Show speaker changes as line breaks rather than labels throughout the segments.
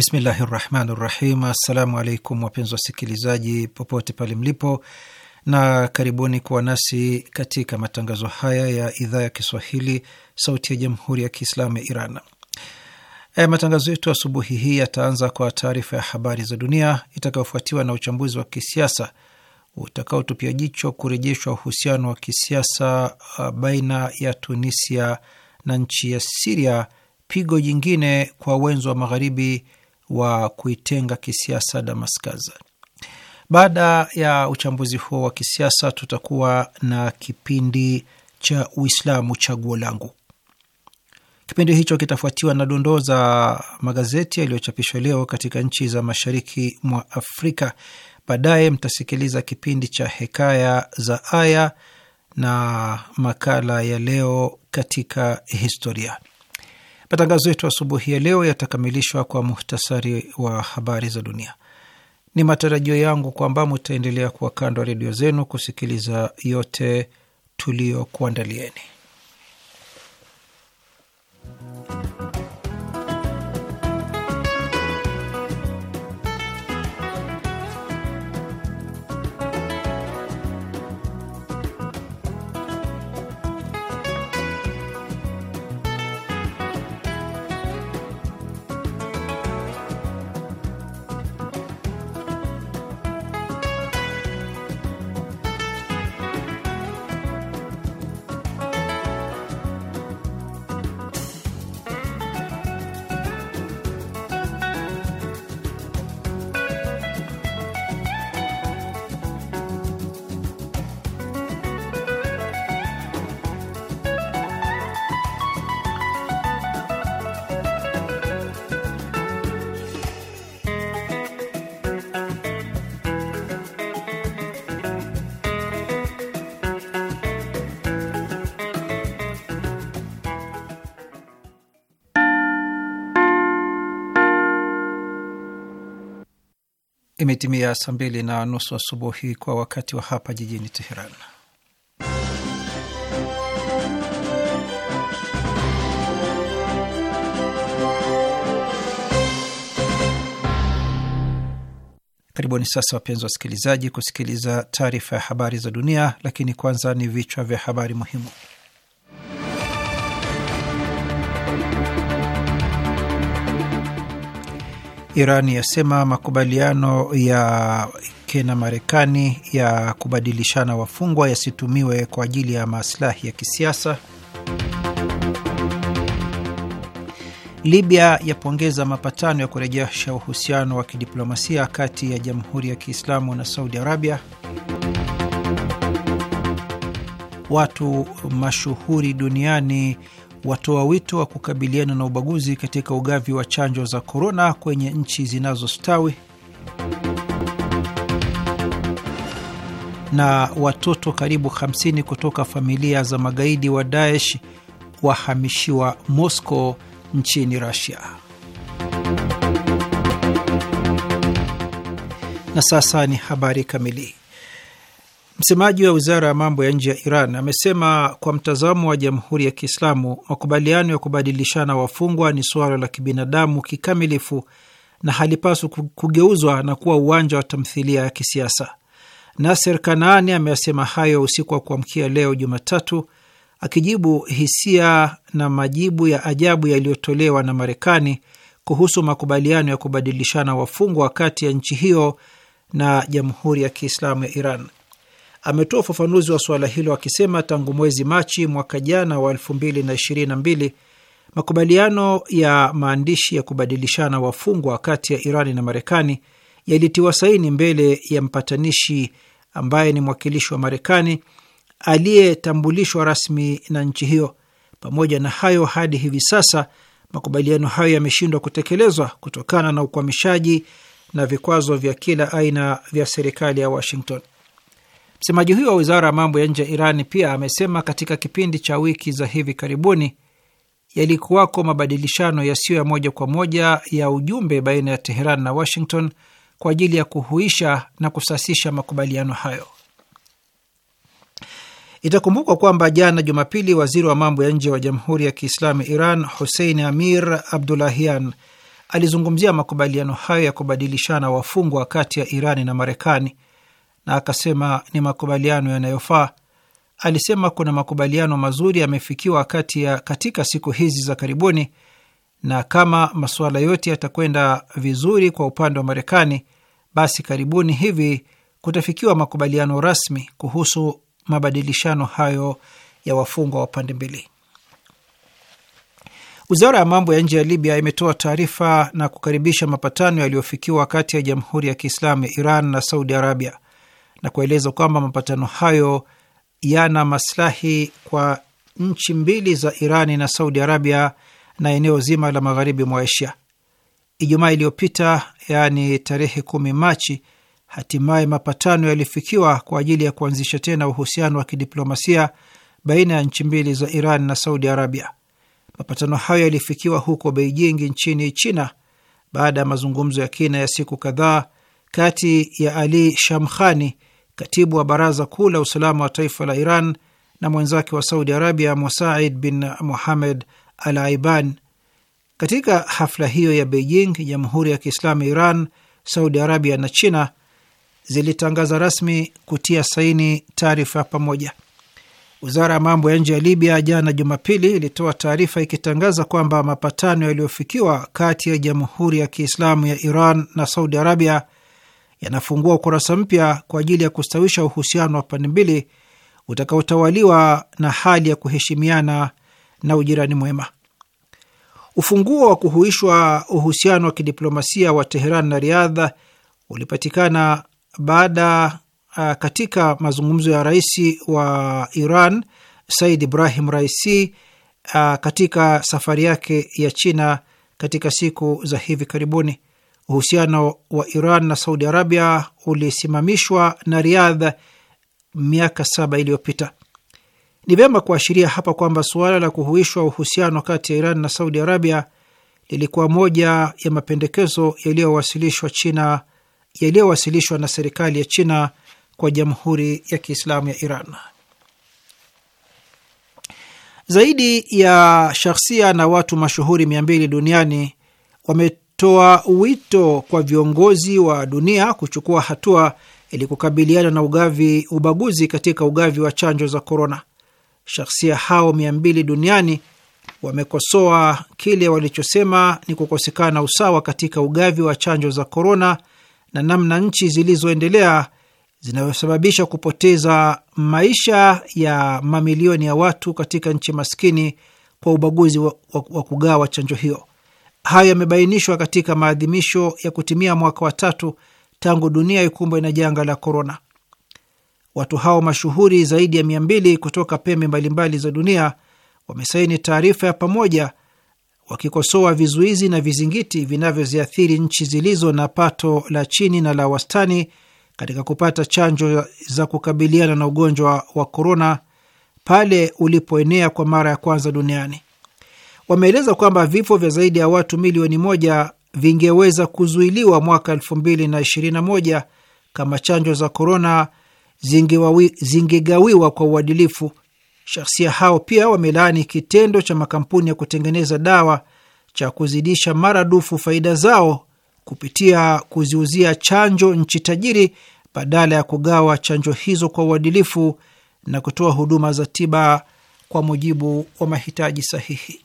Bismillahi rahmani rahim. Assalamu alaikum wapenzi wasikilizaji popote pale mlipo, na karibuni kuwa nasi katika matangazo haya ya idhaa ya Kiswahili sauti ya jamhuri ya Kiislamu ya Iran. E, matangazo yetu asubuhi hii yataanza kwa taarifa ya habari za dunia itakayofuatiwa na uchambuzi wa kisiasa utakaotupia jicho kurejeshwa uhusiano wa kisiasa uh, baina ya Tunisia na nchi ya Siria, pigo jingine kwa wenzo wa magharibi wa kuitenga kisiasa Damascus. Baada ya uchambuzi huo wa kisiasa, tutakuwa na kipindi cha Uislamu chaguo langu. Kipindi hicho kitafuatiwa na dondoo za magazeti yaliyochapishwa leo katika nchi za mashariki mwa Afrika. Baadaye mtasikiliza kipindi cha Hekaya za Aya na makala ya Leo katika Historia. Matangazo yetu asubuhi ya leo yatakamilishwa kwa muhtasari wa habari za dunia. Ni matarajio yangu kwamba mutaendelea kuwa kando ya redio zenu kusikiliza yote tuliyokuandalieni. imetimia saa mbili na nusu asubuhi wa kwa wakati wa hapa jijini Teheran. Karibuni sasa, wapenzi wasikilizaji, kusikiliza taarifa ya habari za dunia, lakini kwanza ni vichwa vya habari muhimu. Iran yasema makubaliano ya kena Marekani ya kubadilishana wafungwa yasitumiwe kwa ajili ya maslahi ya kisiasa. Libya yapongeza mapatano ya kurejesha uhusiano wa kidiplomasia kati ya Jamhuri ya Kiislamu na Saudi Arabia. Watu mashuhuri duniani watoa wito wa kukabiliana na ubaguzi katika ugavi wa chanjo za korona kwenye nchi zinazostawi, na watoto karibu 50 kutoka familia za magaidi wa Daesh wahamishiwa Moscow nchini Russia. Na sasa ni habari kamili. Msemaji wa wizara ya mambo ya nje ya Iran amesema kwa mtazamo wa Jamhuri ya Kiislamu, makubaliano ya kubadilishana wafungwa ni suala la kibinadamu kikamilifu na halipaswi kugeuzwa na kuwa uwanja wa tamthilia ya kisiasa. Naser Kanaani ameyasema hayo usiku wa kuamkia leo Jumatatu, akijibu hisia na majibu ya ajabu yaliyotolewa na Marekani kuhusu makubaliano ya kubadilishana wafungwa kati ya nchi hiyo na Jamhuri ya Kiislamu ya Iran ametoa ufafanuzi wa suala hilo akisema tangu mwezi Machi mwaka jana wa 2022 makubaliano ya maandishi ya kubadilishana wafungwa kati ya Irani na Marekani yalitiwa saini mbele ya mpatanishi ambaye ni mwakilishi wa Marekani aliyetambulishwa rasmi na nchi hiyo. Pamoja na hayo, hadi hivi sasa makubaliano hayo yameshindwa kutekelezwa kutokana na ukwamishaji na vikwazo vya kila aina vya serikali ya Washington. Msemaji huyo wa wizara ya mambo ya nje ya Irani pia amesema katika kipindi cha wiki za hivi karibuni yalikuwako mabadilishano yasiyo ya moja kwa moja ya ujumbe baina ya Teheran na Washington kwa ajili ya kuhuisha na kusasisha makubaliano hayo. Itakumbukwa kwamba jana Jumapili, waziri wa mambo ya nje wa Jamhuri ya Kiislamu Iran Hussein Amir Abdulahian alizungumzia makubaliano hayo ya kubadilishana wafungwa kati ya Irani na Marekani na akasema ni makubaliano yanayofaa. Alisema kuna makubaliano mazuri yamefikiwa kati ya katika siku hizi za karibuni, na kama masuala yote yatakwenda vizuri kwa upande wa Marekani, basi karibuni hivi kutafikiwa makubaliano rasmi kuhusu mabadilishano hayo ya wafungwa wa pande mbili. Wizara ya mambo ya nje ya Libya imetoa taarifa na kukaribisha mapatano yaliyofikiwa kati ya Jamhuri ya Kiislamu ya Iran na Saudi Arabia na kueleza kwamba mapatano hayo yana maslahi kwa nchi mbili za Irani na Saudi Arabia na eneo zima la magharibi mwa Asia. Ijumaa iliyopita, yaani tarehe kumi Machi, hatimaye mapatano yalifikiwa kwa ajili ya kuanzisha tena uhusiano wa kidiplomasia baina ya nchi mbili za Iran na Saudi Arabia. Mapatano hayo yalifikiwa huko Beijing nchini China baada ya mazungumzo ya kina ya siku kadhaa kati ya Ali Shamkhani, katibu wa baraza kuu la usalama wa taifa la Iran na mwenzake wa Saudi Arabia Musaid bin muhamed Al Aiban. Katika hafla hiyo ya Beijing, Jamhuri ya Kiislamu ya Iran, Saudi Arabia na China zilitangaza rasmi kutia saini taarifa ya pamoja. Wizara ya mambo ya nje ya Libya jana Jumapili ilitoa taarifa ikitangaza kwamba mapatano yaliyofikiwa kati ya Jamhuri ya Kiislamu ya Iran na Saudi Arabia yanafungua ukurasa mpya kwa ajili ya kustawisha uhusiano wa pande mbili utakaotawaliwa na hali ya kuheshimiana na ujirani mwema. Ufunguo wa kuhuishwa uhusiano wa kidiplomasia wa Teheran na Riadha ulipatikana baada uh, katika mazungumzo ya rais wa Iran Said Ibrahim Raisi uh, katika safari yake ya China katika siku za hivi karibuni. Uhusiano wa Iran na Saudi Arabia ulisimamishwa na Riadh miaka saba iliyopita. Ni vyema kuashiria hapa kwamba suala la kuhuishwa uhusiano kati ya Iran na Saudi Arabia lilikuwa moja ya mapendekezo yaliyowasilishwa China yaliyowasilishwa na serikali ya China kwa Jamhuri ya Kiislamu ya Iran. Zaidi ya shakhsia na watu mashuhuri mia mbili duniani wame ametoa wito kwa viongozi wa dunia kuchukua hatua ili kukabiliana na ugavi, ubaguzi katika ugavi wa chanjo za korona. shahsia hao mia mbili duniani wamekosoa kile walichosema ni kukosekana usawa katika ugavi wa chanjo za korona na namna nchi zilizoendelea zinayosababisha kupoteza maisha ya mamilioni ya watu katika nchi maskini kwa ubaguzi wa, wa, wa kugawa chanjo hiyo. Hayo yamebainishwa katika maadhimisho ya kutimia mwaka wa tatu tangu dunia ikumbwe na janga la korona. Watu hao mashuhuri zaidi ya mia mbili kutoka pembe mbalimbali za dunia wamesaini taarifa ya pamoja wakikosoa vizuizi na vizingiti vinavyoziathiri nchi zilizo na pato la chini na la wastani katika kupata chanjo za kukabiliana na ugonjwa wa korona pale ulipoenea kwa mara ya kwanza duniani wameeleza kwamba vifo vya zaidi ya watu milioni moja vingeweza kuzuiliwa mwaka 2021 kama chanjo za korona zingegawiwa kwa uadilifu. Shahsia hao pia wamelaani kitendo cha makampuni ya kutengeneza dawa cha kuzidisha maradufu faida zao kupitia kuziuzia chanjo nchi tajiri badala ya kugawa chanjo hizo kwa uadilifu na kutoa huduma za tiba kwa mujibu wa mahitaji sahihi.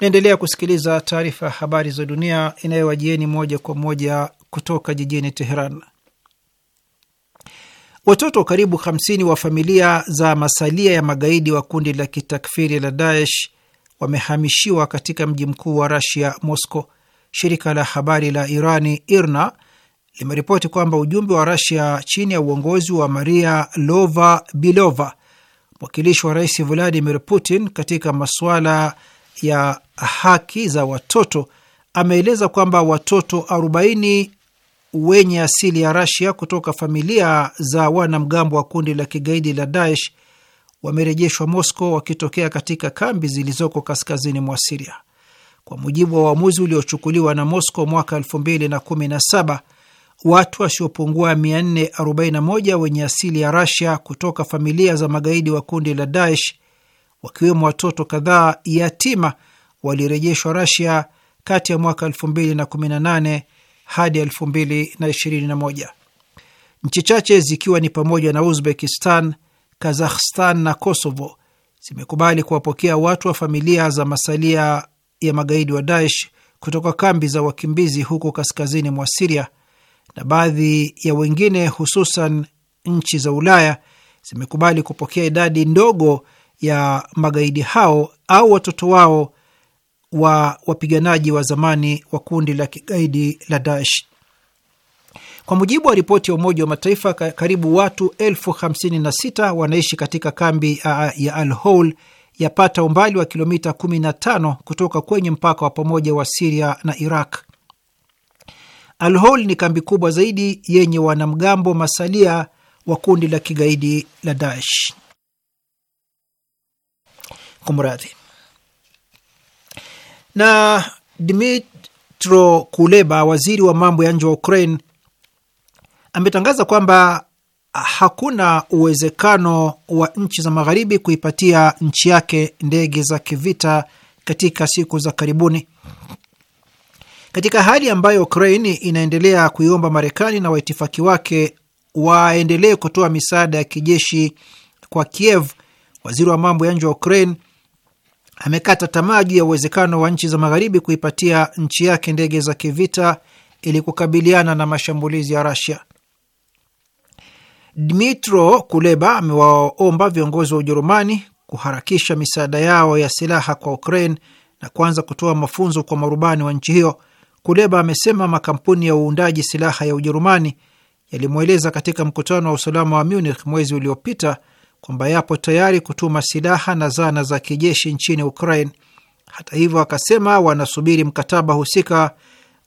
Mnaendelea kusikiliza taarifa ya habari za dunia inayowajieni moja kwa moja kutoka jijini Teheran. Watoto karibu 50 wa familia za masalia ya magaidi wa kundi la kitakfiri la Daesh wamehamishiwa katika mji mkuu wa Rasia, Moscow. Shirika la habari la Irani IRNA limeripoti kwamba ujumbe wa Rasia chini ya uongozi wa Maria Lova Bilova, mwakilishi wa rais Vladimir Putin katika masuala ya haki za watoto ameeleza kwamba watoto 40 wenye asili ya Rasia kutoka familia za wanamgambo wa kundi la kigaidi la Daesh wamerejeshwa Moscow wakitokea katika kambi zilizoko kaskazini mwa Siria kwa mujibu wa uamuzi uliochukuliwa na Moscow mwaka 2017. Watu wasiopungua 441 wenye asili ya Rasia kutoka familia za magaidi wa kundi la Daesh wakiwemo watoto kadhaa yatima walirejeshwa Rasia kati ya mwaka 2018 hadi 2021, nchi chache zikiwa ni pamoja na Uzbekistan, Kazakhstan na Kosovo zimekubali kuwapokea watu wa familia za masalia ya magaidi wa Daesh kutoka kambi za wakimbizi huko kaskazini mwa Siria, na baadhi ya wengine hususan nchi za Ulaya zimekubali kupokea idadi ndogo ya magaidi hao au watoto wao wa wapiganaji wa zamani wa kundi la kigaidi la Daesh. Kwa mujibu wa ripoti ya Umoja wa Mataifa, karibu watu elfu hamsini na sita wanaishi katika kambi ya Al Hol yapata umbali wa kilomita 15 kutoka kwenye mpaka wa pamoja wa Siria na Iraq. Al Hol ni kambi kubwa zaidi yenye wanamgambo masalia wa kundi la kigaidi la Daesh. Kumradhi na dmitro Kuleba, waziri wa mambo ya nje wa Ukraine, ametangaza kwamba hakuna uwezekano wa nchi za magharibi kuipatia nchi yake ndege za kivita katika siku za karibuni, katika hali ambayo Ukraine inaendelea kuiomba Marekani na waitifaki wake waendelee kutoa misaada ya kijeshi kwa Kiev. Waziri wa mambo ya nje wa Ukraine amekata tamaa juu ya uwezekano wa nchi za magharibi kuipatia nchi yake ndege za kivita ili kukabiliana na mashambulizi ya rasia Dmitro Kuleba amewaomba viongozi wa Ujerumani kuharakisha misaada yao ya silaha kwa Ukraine na kuanza kutoa mafunzo kwa marubani wa nchi hiyo. Kuleba amesema makampuni ya uundaji silaha ya Ujerumani yalimweleza katika mkutano wa usalama wa Munich mwezi uliopita kwamba yapo tayari kutuma silaha na zana za kijeshi nchini Ukraine. Hata hivyo, akasema wanasubiri mkataba husika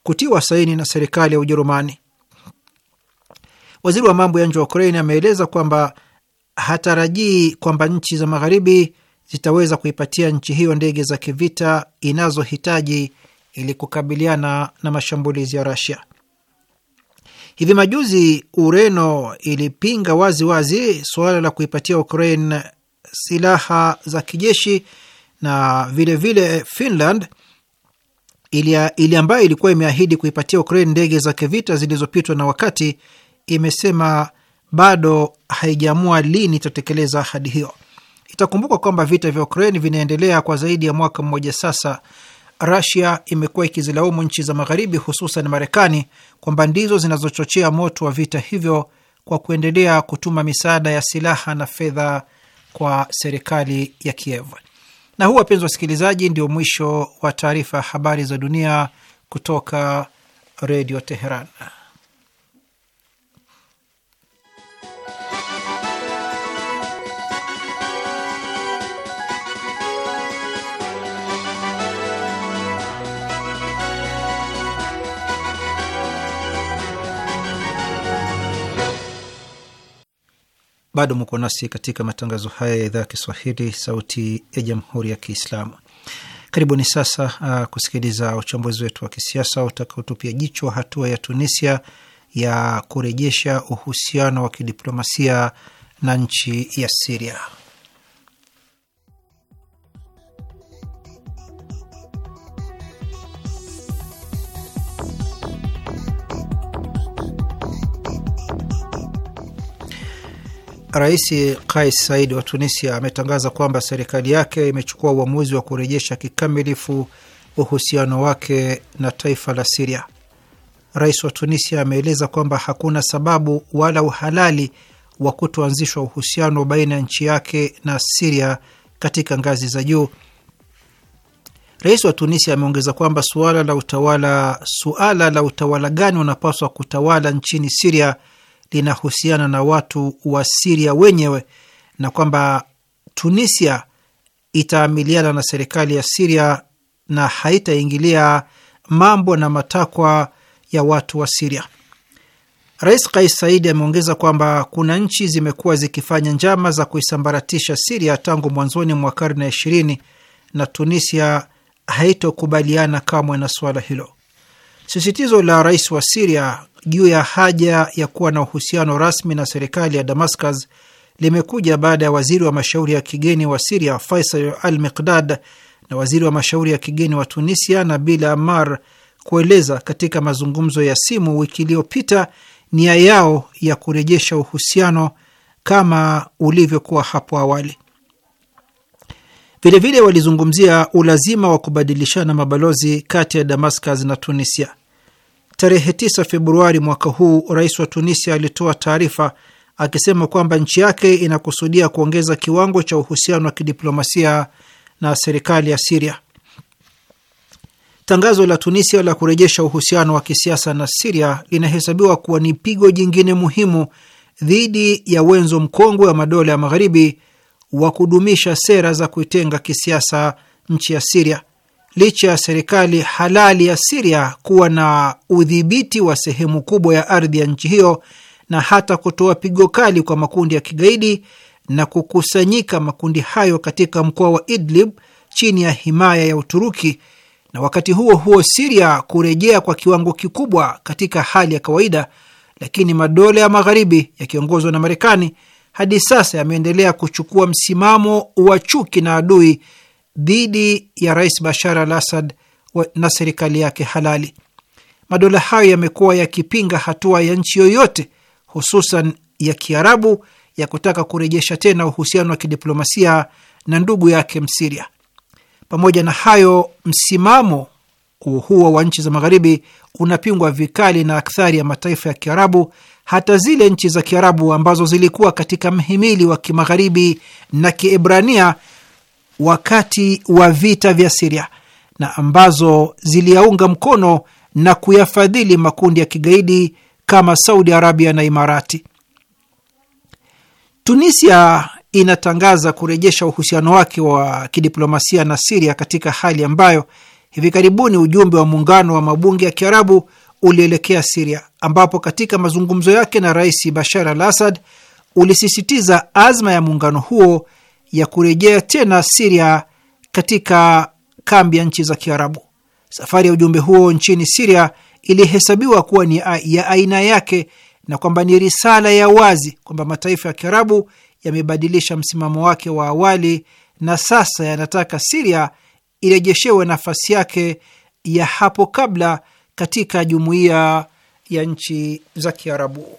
kutiwa saini na serikali ya Ujerumani. Waziri wa mambo ya nje wa Ukraine ameeleza kwamba hatarajii kwamba nchi za magharibi zitaweza kuipatia nchi hiyo ndege za kivita inazohitaji ili kukabiliana na mashambulizi ya Russia. Hivi majuzi Ureno ilipinga wazi wazi suala la kuipatia Ukraine silaha za kijeshi na vilevile vile Finland ili ambayo ilikuwa imeahidi kuipatia Ukraine ndege za kivita zilizopitwa na wakati, imesema bado haijaamua lini itatekeleza ahadi hiyo. Itakumbuka kwamba vita vya Ukraine vinaendelea kwa zaidi ya mwaka mmoja sasa Rasia imekuwa ikizilaumu nchi za Magharibi, hususan Marekani, kwamba ndizo zinazochochea moto wa vita hivyo kwa kuendelea kutuma misaada ya silaha na fedha kwa serikali ya Kiev. Na huu, wapenzi wasikilizaji, ndio mwisho wa taarifa ya habari za dunia kutoka Redio Teheran. Bado mko nasi katika matangazo haya ya idhaa ya Kiswahili, sauti ya jamhuri ya Kiislamu. Karibuni sasa uh, kusikiliza uchambuzi wetu wa kisiasa utakaotupia jicho hatua ya Tunisia ya kurejesha uhusiano wa kidiplomasia na nchi ya Siria. Rais Kais Said wa Tunisia ametangaza kwamba serikali yake imechukua uamuzi wa kurejesha kikamilifu uhusiano wake na taifa la Siria. Rais wa Tunisia ameeleza kwamba hakuna sababu wala uhalali wa kutoanzishwa uhusiano baina ya nchi yake na Siria katika ngazi za juu. Rais wa Tunisia ameongeza kwamba suala la utawala, suala la utawala gani unapaswa kutawala nchini Siria linahusiana na watu wa Siria wenyewe na kwamba Tunisia itaamiliana na serikali ya Siria na haitaingilia mambo na matakwa ya watu wa Siria. Rais Kais Saidi ameongeza kwamba kuna nchi zimekuwa zikifanya njama za kuisambaratisha Siria tangu mwanzoni mwa karne ya ishirini na Tunisia haitokubaliana kamwe na suala hilo. Sisitizo la rais wa Siria juu ya haja ya kuwa na uhusiano rasmi na serikali ya Damascus limekuja baada ya waziri wa mashauri ya kigeni wa Siria Faisal Al Miqdad na waziri wa mashauri ya kigeni wa Tunisia Nabil Amar kueleza katika mazungumzo ya simu wiki iliyopita nia yao ya kurejesha uhusiano kama ulivyokuwa hapo awali. Vilevile walizungumzia ulazima wa kubadilishana mabalozi kati ya Damascus na Tunisia. Tarehe 9 Februari mwaka huu, rais wa Tunisia alitoa taarifa akisema kwamba nchi yake inakusudia kuongeza kiwango cha uhusiano wa kidiplomasia na serikali ya Siria. Tangazo la Tunisia la kurejesha uhusiano wa kisiasa na Siria linahesabiwa kuwa ni pigo jingine muhimu dhidi ya wenzo mkongwe wa madola ya magharibi wa kudumisha sera za kuitenga kisiasa nchi ya Siria licha ya serikali halali ya Siria kuwa na udhibiti wa sehemu kubwa ya ardhi ya nchi hiyo na hata kutoa pigo kali kwa makundi ya kigaidi na kukusanyika makundi hayo katika mkoa wa Idlib chini ya himaya ya Uturuki, na wakati huo huo Siria kurejea kwa kiwango kikubwa katika hali ya kawaida, lakini madola ya magharibi yakiongozwa na Marekani hadi sasa yameendelea kuchukua msimamo wa chuki na adui dhidi ya Rais Bashar al Assad na serikali yake halali. Madola hayo yamekuwa yakipinga hatua ya nchi yoyote, hususan ya Kiarabu, ya kutaka kurejesha tena uhusiano wa kidiplomasia na ndugu yake Msiria. Pamoja na hayo, msimamo huo wa nchi za Magharibi unapingwa vikali na akthari ya mataifa ya Kiarabu, hata zile nchi za Kiarabu ambazo zilikuwa katika mhimili wa Kimagharibi na Kiebrania wakati wa vita vya Siria na ambazo ziliyaunga mkono na kuyafadhili makundi ya kigaidi kama Saudi Arabia na Imarati. Tunisia inatangaza kurejesha uhusiano wake wa kidiplomasia na Siria katika hali ambayo hivi karibuni ujumbe wa muungano wa mabunge ya Kiarabu ulielekea Siria, ambapo katika mazungumzo yake na Rais Bashar al Assad ulisisitiza azma ya muungano huo ya kurejea tena Siria katika kambi ya nchi za Kiarabu. Safari ya ujumbe huo nchini Siria ilihesabiwa kuwa ni ya aina yake na kwamba ni risala ya wazi kwamba mataifa ya Kiarabu yamebadilisha msimamo wake wa awali na sasa yanataka Siria irejeshewe nafasi yake ya hapo kabla katika jumuiya ya nchi za Kiarabu.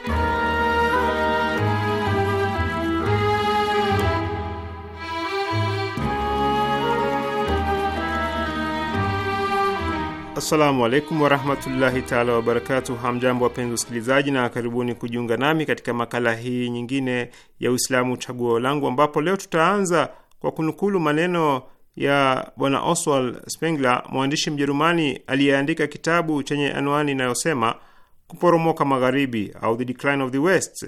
Assalamu alaikum warahmatullahi taala wabarakatu. Hamjambo wapenzi usikilizaji, na karibuni kujiunga nami katika makala hii nyingine ya Uislamu Chaguo Langu, ambapo leo tutaanza kwa kunukulu maneno ya Bwana Oswald Spengler, mwandishi Mjerumani aliyeandika kitabu chenye anwani inayosema Kuporomoka Magharibi au The Decline of the West.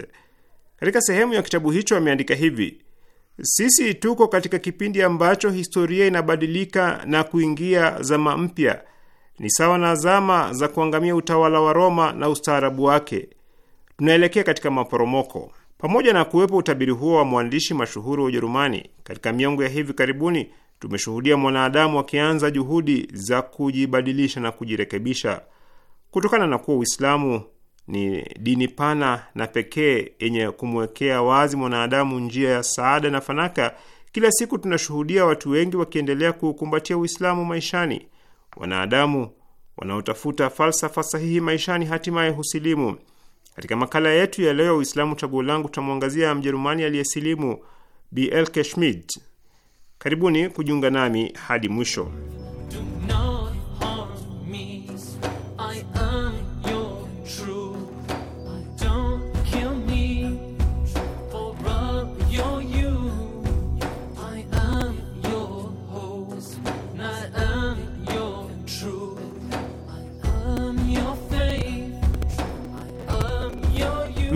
Katika sehemu ya kitabu hicho ameandika hivi: sisi tuko katika kipindi ambacho historia inabadilika na kuingia zama mpya ni sawa na zama za kuangamia utawala wa Roma na ustaarabu wake. Tunaelekea katika maporomoko. Pamoja na kuwepo utabiri huo wa mwandishi mashuhuri wa Ujerumani, katika miongo ya hivi karibuni tumeshuhudia mwanadamu akianza juhudi za kujibadilisha na kujirekebisha kutokana na kuwa Uislamu ni dini pana na pekee yenye kumwekea wazi mwanadamu njia ya saada na fanaka. Kila siku tunashuhudia watu wengi wakiendelea kuukumbatia Uislamu maishani. Wanadamu wanaotafuta falsafa sahihi maishani hatimaye husilimu. Katika makala yetu ya leo, Uislamu Chaguo Langu, tutamwangazia Mjerumani aliyesilimu Blk Schmidt. Karibuni kujiunga nami hadi mwisho.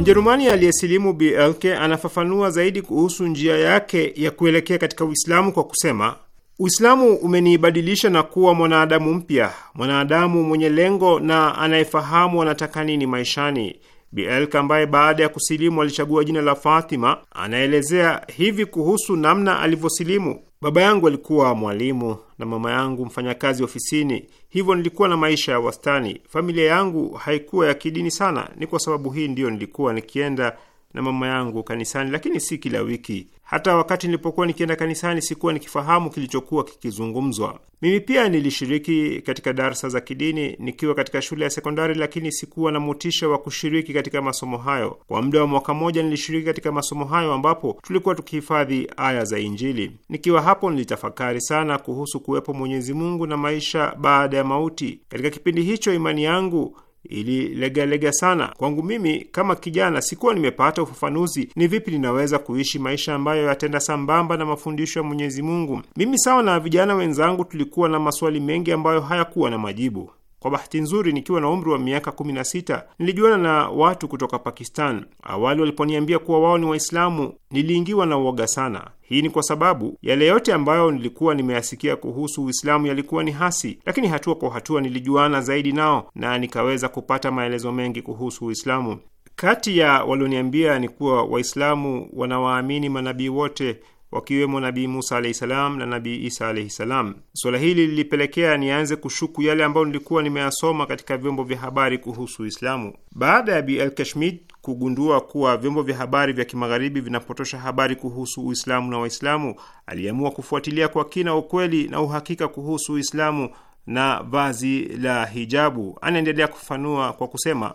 Mjerumani aliyesilimu bielke anafafanua zaidi kuhusu njia yake ya kuelekea katika Uislamu kwa kusema, Uislamu umeniibadilisha na kuwa mwanadamu mpya, mwanadamu mwenye lengo na anayefahamu anataka nini maishani. bielke ambaye baada ya kusilimu alichagua jina la Fatima anaelezea hivi kuhusu namna alivyosilimu: baba yangu alikuwa mwalimu na mama yangu mfanyakazi ofisini, hivyo nilikuwa na maisha ya wastani. Familia yangu haikuwa ya kidini sana. Ni kwa sababu hii ndiyo nilikuwa nikienda na mama yangu kanisani, lakini si kila wiki. Hata wakati nilipokuwa nikienda kanisani, sikuwa nikifahamu kilichokuwa kikizungumzwa. Mimi pia nilishiriki katika darsa za kidini nikiwa katika shule ya sekondari, lakini sikuwa na motisha wa kushiriki katika masomo hayo. Kwa muda wa mwaka mmoja nilishiriki katika masomo hayo, ambapo tulikuwa tukihifadhi aya za Injili. Nikiwa hapo, nilitafakari sana kuhusu kuwepo Mwenyezi Mungu na maisha baada ya mauti. Katika kipindi hicho, imani yangu ililegalega sana. Kwangu mimi kama kijana, sikuwa nimepata ufafanuzi ni vipi ninaweza kuishi maisha ambayo yatenda sambamba na mafundisho ya Mwenyezi Mungu. Mimi sawa na vijana wenzangu, tulikuwa na maswali mengi ambayo hayakuwa na majibu. Kwa bahati nzuri, nikiwa na umri wa miaka 16 nilijuana na watu kutoka Pakistan. Awali waliponiambia kuwa wao ni Waislamu, niliingiwa na uoga sana. Hii ni kwa sababu yale yote ambayo nilikuwa nimeyasikia kuhusu Uislamu yalikuwa ni hasi, lakini hatua kwa hatua nilijuana zaidi nao na nikaweza kupata maelezo mengi kuhusu Uislamu. Kati ya walioniambia ni kuwa Waislamu wanawaamini manabii wote wakiwemo Nabii Musa alahi salam na Nabii Isa alahi salam. Suala hili lilipelekea nianze kushuku yale ambayo nilikuwa nimeyasoma katika vyombo vya habari kuhusu Uislamu baada ya Bi kashmid kugundua kuwa vyombo vya habari vya kimagharibi vinapotosha habari kuhusu Uislamu na Waislamu. Aliamua kufuatilia kwa kina ukweli na uhakika kuhusu Uislamu na vazi la hijabu. Anaendelea kufanua kwa kusema,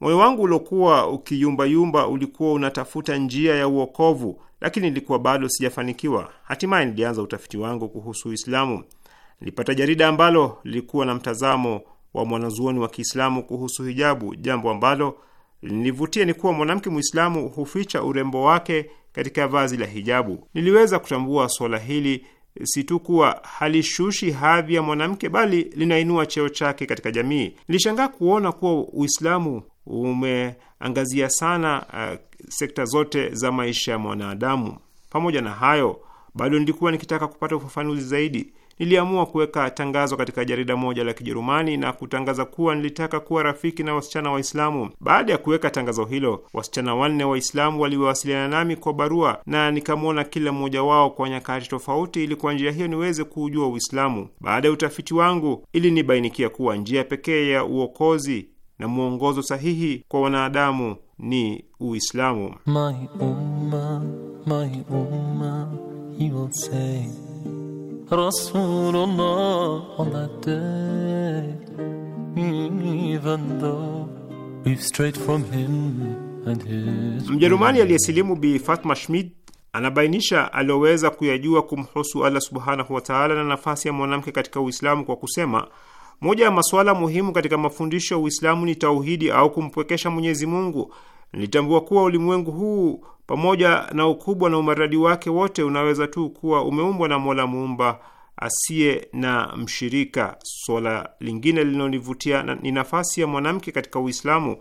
moyo wangu uliokuwa ukiyumbayumba ulikuwa unatafuta njia ya uokovu lakini nilikuwa bado sijafanikiwa. Hatimaye nilianza utafiti wangu kuhusu Uislamu. Nilipata jarida ambalo lilikuwa na mtazamo wa mwanazuoni wa Kiislamu kuhusu hijabu. Jambo ambalo linivutia ni kuwa mwanamke Mwislamu huficha urembo wake katika vazi la hijabu. Niliweza kutambua suala hili si tu kuwa halishushi hadhi ya mwanamke bali linainua cheo chake katika jamii. Nilishangaa kuona kuwa Uislamu umeangazia sana uh, sekta zote za maisha ya mwanadamu. Pamoja na hayo, bado nilikuwa nikitaka kupata ufafanuzi zaidi. Niliamua kuweka tangazo katika jarida moja la Kijerumani na kutangaza kuwa nilitaka kuwa rafiki na wasichana Waislamu. Baada ya kuweka tangazo hilo, wasichana wanne Waislamu waliwasiliana nami kwa barua na nikamwona kila mmoja wao kwa nyakati tofauti, ili kwa njia hiyo niweze kuujua Uislamu. Baada ya utafiti wangu, ili nibainikia kuwa njia pekee ya uokozi na mwongozo sahihi kwa wanadamu ni Uislamu.
My umma,
my umma, he will say, Rasulullah on that day, even though
we've strayed from him and his... Mjerumani
aliyesilimu Bi Fatma Schmid anabainisha aliyoweza kuyajua kumhusu Allah subhanahu wa taala na nafasi ya mwanamke katika Uislamu kwa kusema moja ya masuala muhimu katika mafundisho ya Uislamu ni tauhidi au kumpwekesha Mwenyezi Mungu. Nilitambua kuwa ulimwengu huu pamoja na ukubwa na umaridadi wake wote unaweza tu kuwa umeumbwa na Mola muumba asiye na mshirika. Swala lingine linalonivutia ni nafasi ya mwanamke katika Uislamu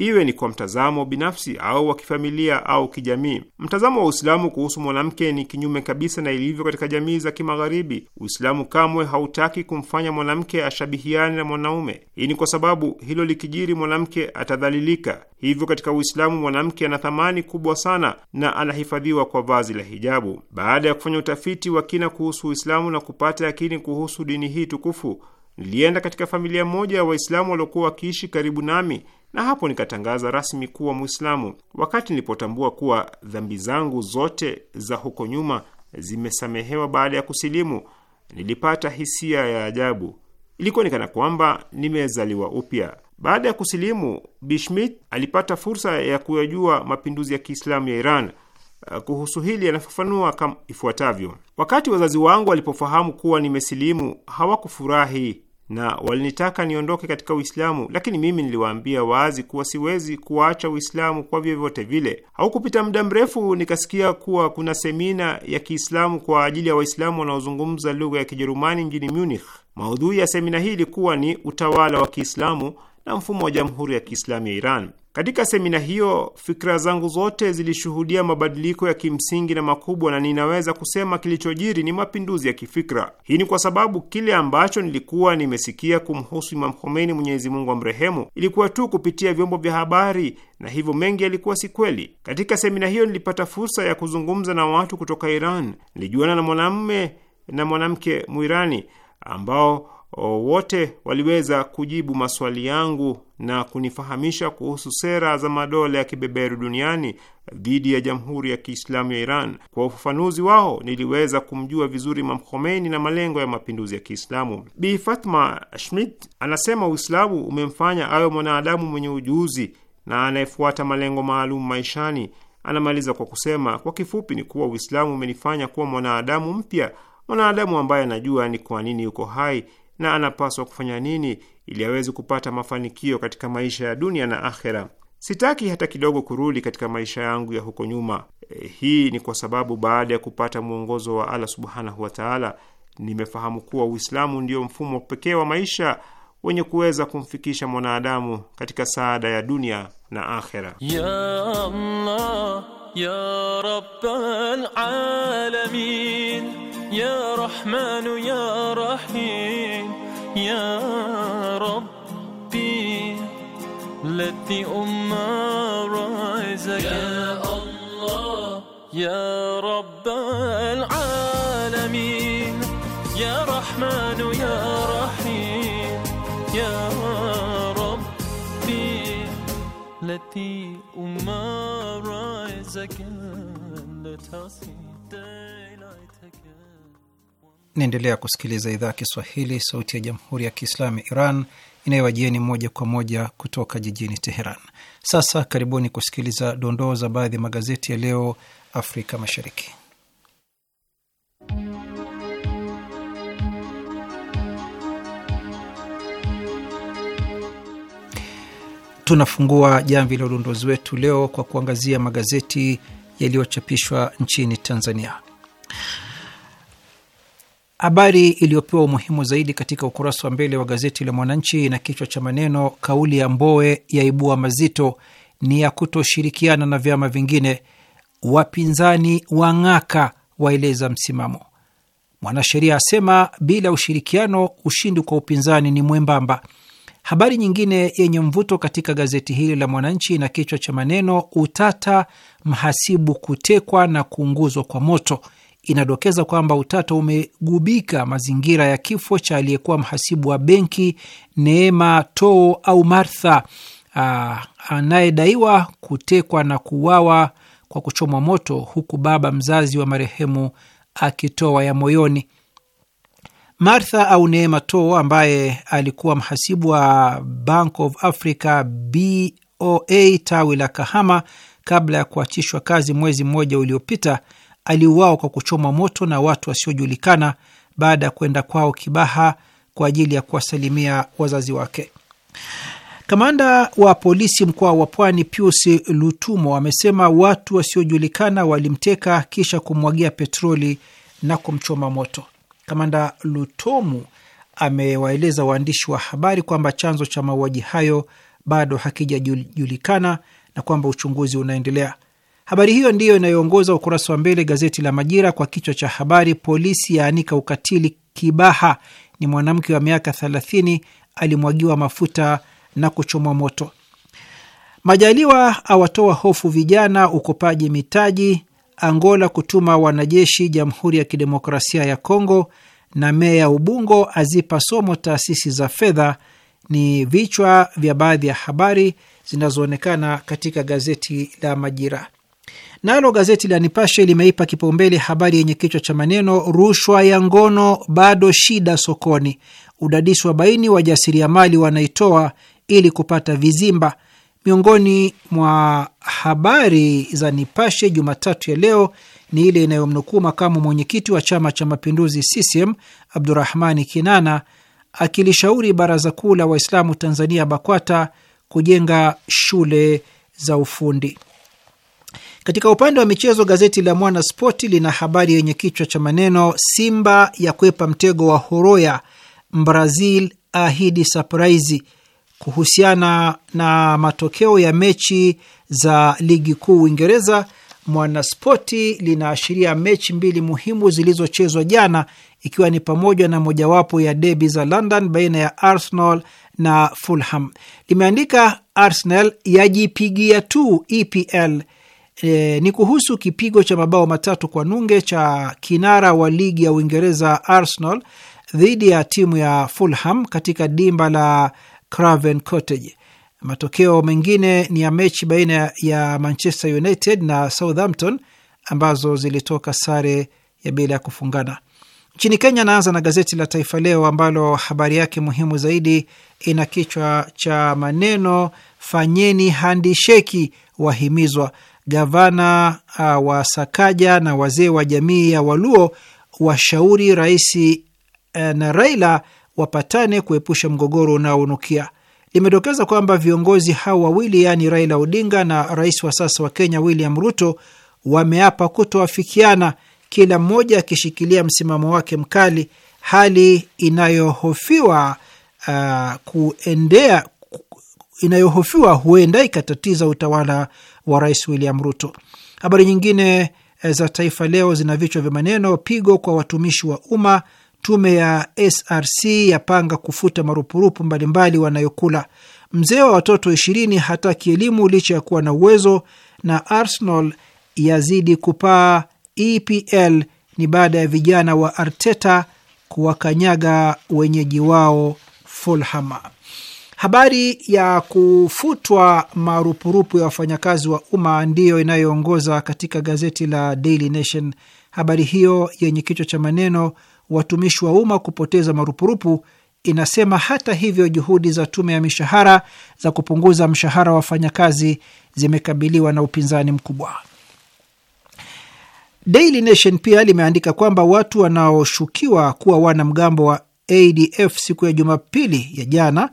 iwe ni kwa mtazamo binafsi au wa kifamilia au kijamii. Mtazamo wa Uislamu kuhusu mwanamke ni kinyume kabisa na ilivyo katika jamii za Kimagharibi. Uislamu kamwe hautaki kumfanya mwanamke ashabihiane na mwanaume. Hii ni kwa sababu hilo likijiri, mwanamke atadhalilika. Hivyo katika Uislamu mwanamke ana thamani kubwa sana na anahifadhiwa kwa vazi la hijabu. Baada ya kufanya utafiti wa kina kuhusu Uislamu na kupata yakini kuhusu dini hii tukufu, nilienda katika familia moja ya Waislamu waliokuwa wakiishi karibu nami na hapo nikatangaza rasmi kuwa Mwislamu. Wakati nilipotambua kuwa dhambi zangu zote za huko nyuma zimesamehewa baada ya kusilimu, nilipata hisia ya ajabu. Ilikuwa ni kana kwamba nimezaliwa upya. Baada ya kusilimu, Bishmit alipata fursa ya kuyajua mapinduzi ya Kiislamu ya Iran. Uh, kuhusu hili anafafanua kama ifuatavyo: wakati wazazi wangu walipofahamu kuwa nimesilimu, hawakufurahi na walinitaka niondoke katika Uislamu, lakini mimi niliwaambia wazi kuwa siwezi kuacha Uislamu kwa vyovyote vile. Haukupita muda mrefu, nikasikia kuwa kuna semina ya Kiislamu kwa ajili ya Waislamu wanaozungumza lugha ya Kijerumani mjini Munich. Maudhui ya semina hii ilikuwa ni utawala wa Kiislamu na mfumo wa Jamhuri ya Kiislamu ya Iran. Katika semina hiyo fikra zangu zote zilishuhudia mabadiliko ya kimsingi na makubwa, na ninaweza kusema kilichojiri ni mapinduzi ya kifikra. Hii ni kwa sababu kile ambacho nilikuwa nimesikia kumhusu Imam Khomeini, Mwenyezi Mungu amrehemu, ilikuwa tu kupitia vyombo vya habari, na hivyo mengi yalikuwa si kweli. Katika semina hiyo nilipata fursa ya kuzungumza na watu kutoka Iran. Nilijuana na mwanamume na mwanamke muirani ambao wote waliweza kujibu maswali yangu na kunifahamisha kuhusu sera za madola ya kibeberu duniani dhidi ya Jamhuri ya Kiislamu ya Iran. Kwa ufafanuzi wao, niliweza kumjua vizuri Imam Khomeini na malengo ya mapinduzi ya Kiislamu. Bi Fatma Schmidt anasema Uislamu umemfanya awe mwanadamu mwenye ujuzi na anayefuata malengo maalum maishani. Anamaliza kwa kusema, kwa kifupi ni kuwa Uislamu umenifanya kuwa mwanadamu mpya, mwanadamu ambaye anajua ni kwa nini yuko hai na anapaswa kufanya nini ili aweze kupata mafanikio katika maisha ya dunia na akhera. Sitaki hata kidogo kurudi katika maisha yangu ya huko nyuma. E, hii ni kwa sababu baada ya kupata mwongozo wa Allah subhanahu wataala, nimefahamu kuwa Uislamu ndio mfumo pekee wa maisha wenye kuweza kumfikisha mwanadamu katika saada ya dunia na akhera. Ya
Allah, ya Rabbal alamin, ya Rahmanu, ya Rahim يا ربي التي أم رزقك يا الله يا رب العالمين يا رحمن يا رحيم يا ربي التي أم رزقك
لا
Naendelea kusikiliza idhaa ya Kiswahili, sauti ya jamhuri ya kiislamu ya Iran inayowajieni moja kwa moja kutoka jijini Teheran. Sasa karibuni kusikiliza dondoo za baadhi ya magazeti ya leo Afrika Mashariki. Tunafungua jamvi la udondozi wetu leo kwa kuangazia magazeti yaliyochapishwa nchini Tanzania. Habari iliyopewa umuhimu zaidi katika ukurasa wa mbele wa gazeti la Mwananchi na kichwa cha maneno, kauli ya Mbowe yaibua mazito, ni ya kutoshirikiana na vyama vingine, wapinzani wang'aka, waeleza msimamo. Mwanasheria asema bila ushirikiano ushindi kwa upinzani ni mwembamba. Habari nyingine yenye mvuto katika gazeti hili la Mwananchi na kichwa cha maneno, utata mhasibu kutekwa na kuunguzwa kwa moto inadokeza kwamba utata umegubika mazingira ya kifo cha aliyekuwa mhasibu wa benki Neema Too au Martha ah, anayedaiwa kutekwa na kuuawa kwa kuchomwa moto, huku baba mzazi wa marehemu akitoa ya moyoni. Martha au Neema Too ambaye alikuwa mhasibu wa Bank of Africa BOA tawi la Kahama kabla ya kuachishwa kazi mwezi mmoja uliopita aliuawa kwa kuchoma moto na watu wasiojulikana baada ya kwenda kwao Kibaha kwa ajili ya kuwasalimia wazazi wake. Kamanda wa polisi mkoa wa Pwani Pius Lutumo amesema watu wasiojulikana walimteka kisha kumwagia petroli na kumchoma moto. Kamanda Lutomu amewaeleza waandishi wa habari kwamba chanzo cha mauaji hayo bado hakijajulikana na kwamba uchunguzi unaendelea. Habari hiyo ndiyo inayoongoza ukurasa wa mbele gazeti la Majira kwa kichwa cha habari, polisi yaanika ukatili Kibaha, ni mwanamke wa miaka 30 alimwagiwa mafuta na kuchomwa moto. Majaliwa awatoa hofu vijana, ukopaji mitaji, Angola kutuma wanajeshi Jamhuri ya Kidemokrasia ya Kongo, na meya Ubungo azipa somo taasisi za fedha ni vichwa vya baadhi ya habari zinazoonekana katika gazeti la Majira. Nalo gazeti la Nipashe limeipa kipaumbele habari yenye kichwa cha maneno rushwa ya ngono bado shida sokoni, udadisi wa baini wajasiriamali wanaitoa ili kupata vizimba. Miongoni mwa habari za Nipashe Jumatatu ya leo ni ile inayomnukuu makamu mwenyekiti wa Chama cha Mapinduzi CCM Abdurahmani Kinana akilishauri Baraza Kuu la Waislamu Tanzania BAKWATA kujenga shule za ufundi. Katika upande wa michezo, gazeti la Mwana Spoti lina habari yenye kichwa cha maneno Simba ya kwepa mtego wa Horoya, Brazil ahidi surprise kuhusiana na matokeo ya mechi za ligi kuu Uingereza. Mwanaspoti linaashiria mechi mbili muhimu zilizochezwa jana, ikiwa ni pamoja na mojawapo ya debi za London baina ya Arsenal na Fulham. Limeandika Arsenal yajipigia tu EPL e, ni kuhusu kipigo cha mabao matatu kwa nunge cha kinara wa ligi ya Uingereza Arsenal dhidi ya timu ya Fulham katika dimba la Craven Cottage. Matokeo mengine ni ya mechi baina ya Manchester United na Southampton ambazo zilitoka sare ya bila ya kufungana. Nchini Kenya, naanza na gazeti la Taifa Leo ambalo habari yake muhimu zaidi ina kichwa cha maneno fanyeni handisheki wahimizwa gavana uh, wa Sakaja na wazee wa jamii ya Waluo washauri rais uh, na Raila wapatane kuepusha mgogoro unaonukia. Limedokeza kwamba viongozi hao wawili yaani Raila Odinga na rais wa sasa wa Kenya William Ruto wameapa kutoafikiana, kila mmoja akishikilia msimamo wake mkali, hali inayohofiwa uh, kuendea inayohofiwa huenda ikatatiza utawala wa Rais William Ruto. Habari nyingine eh, za Taifa Leo zina vichwa vya maneno: pigo kwa watumishi wa umma, tume ya SRC yapanga kufuta marupurupu mbalimbali wanayokula, mzee wa watoto ishirini hataki elimu licha ya kuwa na uwezo, na Arsenal yazidi kupaa EPL ni baada ya vijana wa Arteta kuwakanyaga wenyeji wao Fulham. Habari ya kufutwa marupurupu ya wafanyakazi wa umma ndiyo inayoongoza katika gazeti la Daily Nation. Habari hiyo yenye kichwa cha maneno watumishi wa umma kupoteza marupurupu inasema hata hivyo, juhudi za tume ya mishahara za kupunguza mshahara wa wafanyakazi zimekabiliwa na upinzani mkubwa. Daily Nation pia limeandika kwamba watu wanaoshukiwa kuwa wanamgambo wa ADF siku ya Jumapili ya jana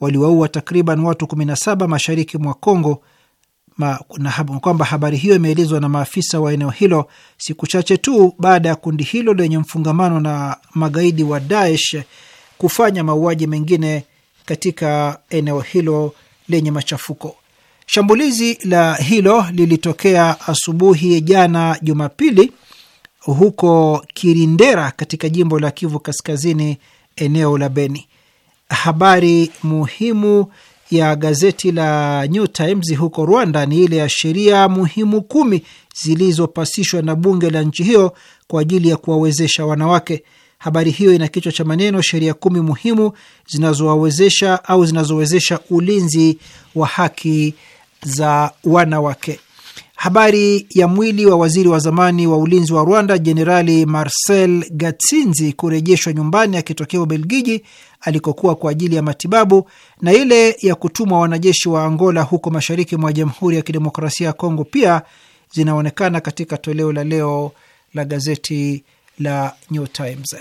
waliwaua takriban watu 17 mashariki mwa Kongo ma, kwamba habari hiyo imeelezwa na maafisa wa eneo hilo siku chache tu baada ya kundi hilo lenye mfungamano na magaidi wa Daesh kufanya mauaji mengine katika eneo hilo lenye machafuko. Shambulizi la hilo lilitokea asubuhi jana Jumapili huko Kirindera katika jimbo la Kivu Kaskazini, eneo la Beni habari muhimu ya gazeti la New Times huko Rwanda ni ile ya sheria muhimu kumi zilizopasishwa na bunge la nchi hiyo kwa ajili ya kuwawezesha wanawake. Habari hiyo ina kichwa cha maneno sheria kumi muhimu zinazowawezesha au zinazowezesha ulinzi wa haki za wanawake. Habari ya mwili wa waziri wa zamani wa ulinzi wa Rwanda Jenerali Marcel Gatsinzi kurejeshwa nyumbani akitokea Ubelgiji alikokuwa kwa ajili ya matibabu na ile ya kutumwa wanajeshi wa Angola huko mashariki mwa Jamhuri ya Kidemokrasia ya Kongo pia zinaonekana katika toleo la leo la gazeti la New Times.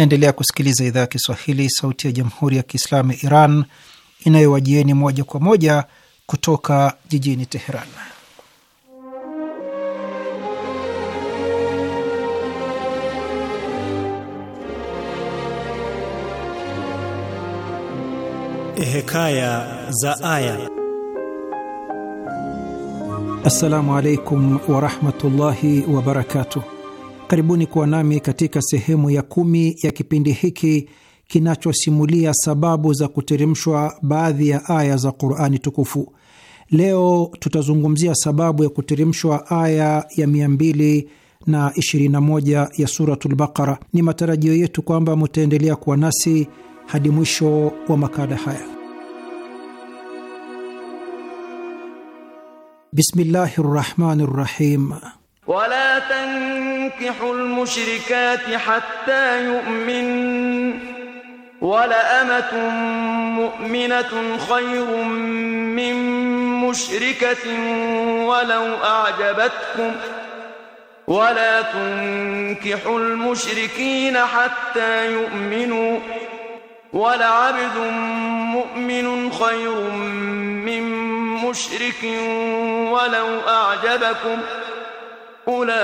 Naendelea kusikiliza idhaa ya Kiswahili, sauti ya jamhuri ya kiislamu ya Iran inayowajieni moja kwa moja kutoka jijini Teheran. Hekaya
za Aya.
Assalamu alaikum warahmatullahi wabarakatuh. Karibuni kuwa nami katika sehemu ya kumi ya kipindi hiki kinachosimulia sababu za kuteremshwa baadhi ya aya za Qurani tukufu. Leo tutazungumzia sababu ya kuteremshwa aya ya 221 ya Suratul Baqara. Ni matarajio yetu kwamba mutaendelea kuwa nasi hadi mwisho wa makala haya. Bismillahi rahmani rahim
ولا تنكحوا المشركات حتى يؤمن ولأمة مؤمنة خير من مشركة ولو أعجبتكم ولا تنكحوا المشركين حتى يؤمنوا ولعبد مؤمن خير من مشرك ولو أعجبكم ۖ ulaika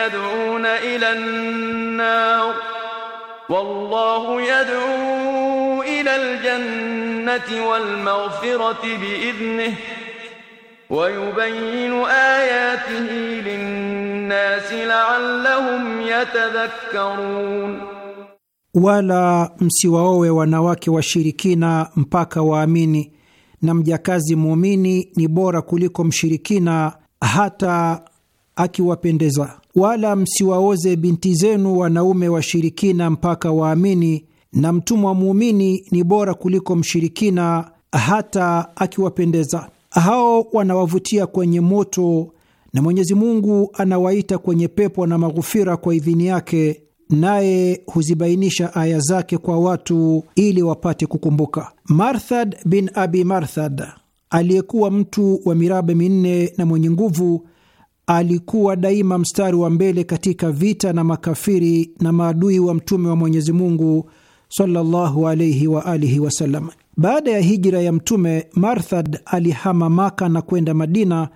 yad'una ila an-nar wallahu yad'u ila al-jannati wal-maghfirati ويبين آياته للناس لعلهم يتذكرون
wala msiwaowe wanawake washirikina mpaka waamini, na mjakazi muumini ni bora kuliko mshirikina hata akiwapendeza, wala msiwaoze binti zenu wanaume washirikina mpaka waamini, na mtumwa muumini ni bora kuliko mshirikina hata akiwapendeza. Hao wanawavutia kwenye moto na Mwenyezi Mungu anawaita kwenye pepo na maghufira kwa idhini yake, naye huzibainisha aya zake kwa watu ili wapate kukumbuka. Marthad bin Abi Marthad aliyekuwa mtu wa mirabe minne na mwenye nguvu, alikuwa daima mstari wa mbele katika vita na makafiri na maadui wa mtume wa Mwenyezi Mungu sallallahu alayhi wa alihi wasallam. Baada ya hijra ya Mtume, Marthad alihama Maka na kwenda Madina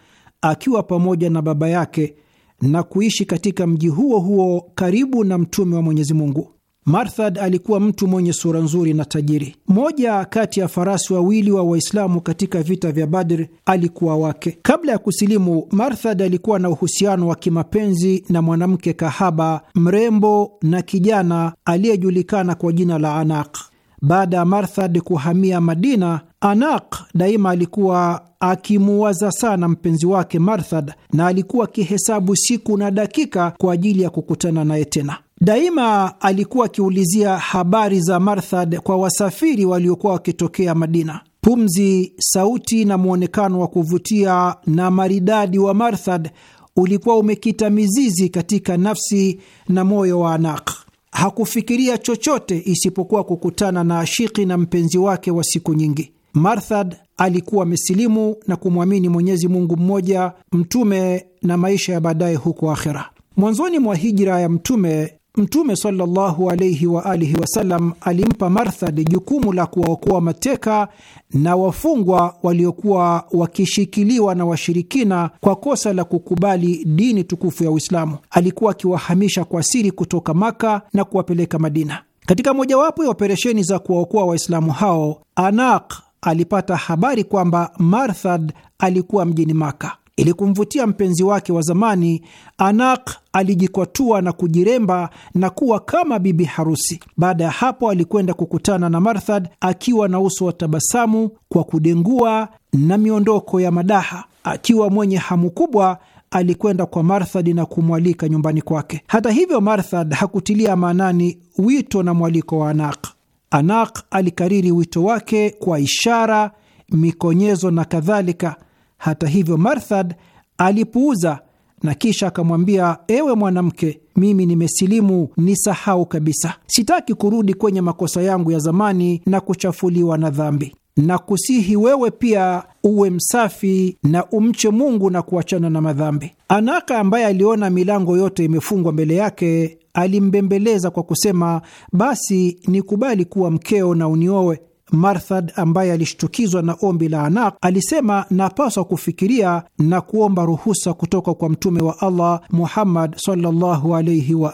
akiwa pamoja na baba yake na kuishi katika mji huo huo karibu na mtume wa Mwenyezi Mungu. Marthad alikuwa mtu mwenye sura nzuri na tajiri. Mmoja kati ya farasi wawili wa Waislamu katika vita vya Badr alikuwa wake. Kabla ya kusilimu, Marthad alikuwa na uhusiano wa kimapenzi na mwanamke kahaba mrembo na kijana aliyejulikana kwa jina la Anaq. Baada ya Marthad kuhamia Madina, Anaq daima alikuwa akimuwaza sana mpenzi wake Marthad, na alikuwa akihesabu siku na dakika kwa ajili ya kukutana naye tena. Daima alikuwa akiulizia habari za Marthad kwa wasafiri waliokuwa wakitokea Madina. Pumzi, sauti na mwonekano wa kuvutia na maridadi wa Marthad ulikuwa umekita mizizi katika nafsi na moyo wa Anak. Hakufikiria chochote isipokuwa kukutana na ashiki na mpenzi wake wa siku nyingi. Marthad alikuwa amesilimu na kumwamini Mwenyezi Mungu mmoja, mtume na maisha ya baadaye huko akhera. Mwanzoni mwa hijra ya Mtume, Mtume sallallahu alaihi wa alihi wasallam alimpa Marthad jukumu la kuwaokoa mateka na wafungwa waliokuwa wakishikiliwa na washirikina kwa kosa la kukubali dini tukufu ya Uislamu. Alikuwa akiwahamisha kwa siri kutoka Maka na kuwapeleka Madina. Katika mojawapo ya operesheni za kuwaokoa Waislamu hao, anaq alipata habari kwamba Marthad alikuwa mjini Maka. Ili kumvutia mpenzi wake wa zamani, Anak alijikwatua na kujiremba na kuwa kama bibi harusi. Baada ya hapo, alikwenda kukutana na Marthad akiwa na uso wa tabasamu kwa kudengua na miondoko ya madaha. Akiwa mwenye hamu kubwa, alikwenda kwa Marthad na kumwalika nyumbani kwake. Hata hivyo, Marthad hakutilia maanani wito na mwaliko wa Anak. Anak alikariri wito wake kwa ishara, mikonyezo na kadhalika hata hivyo, Marthad alipuuza na kisha akamwambia, ewe mwanamke, mimi nimesilimu, nisahau kabisa. Sitaki kurudi kwenye makosa yangu ya zamani na kuchafuliwa na dhambi, na kusihi wewe pia uwe msafi na umche Mungu na kuachana na madhambi. Anaka ambaye aliona milango yote imefungwa mbele yake alimbembeleza kwa kusema, basi nikubali kuwa mkeo na uniowe. Marthad ambaye alishtukizwa na ombi la anaq alisema, napaswa kufikiria na kuomba ruhusa kutoka kwa Mtume wa Allah Muhammad sallallahu wa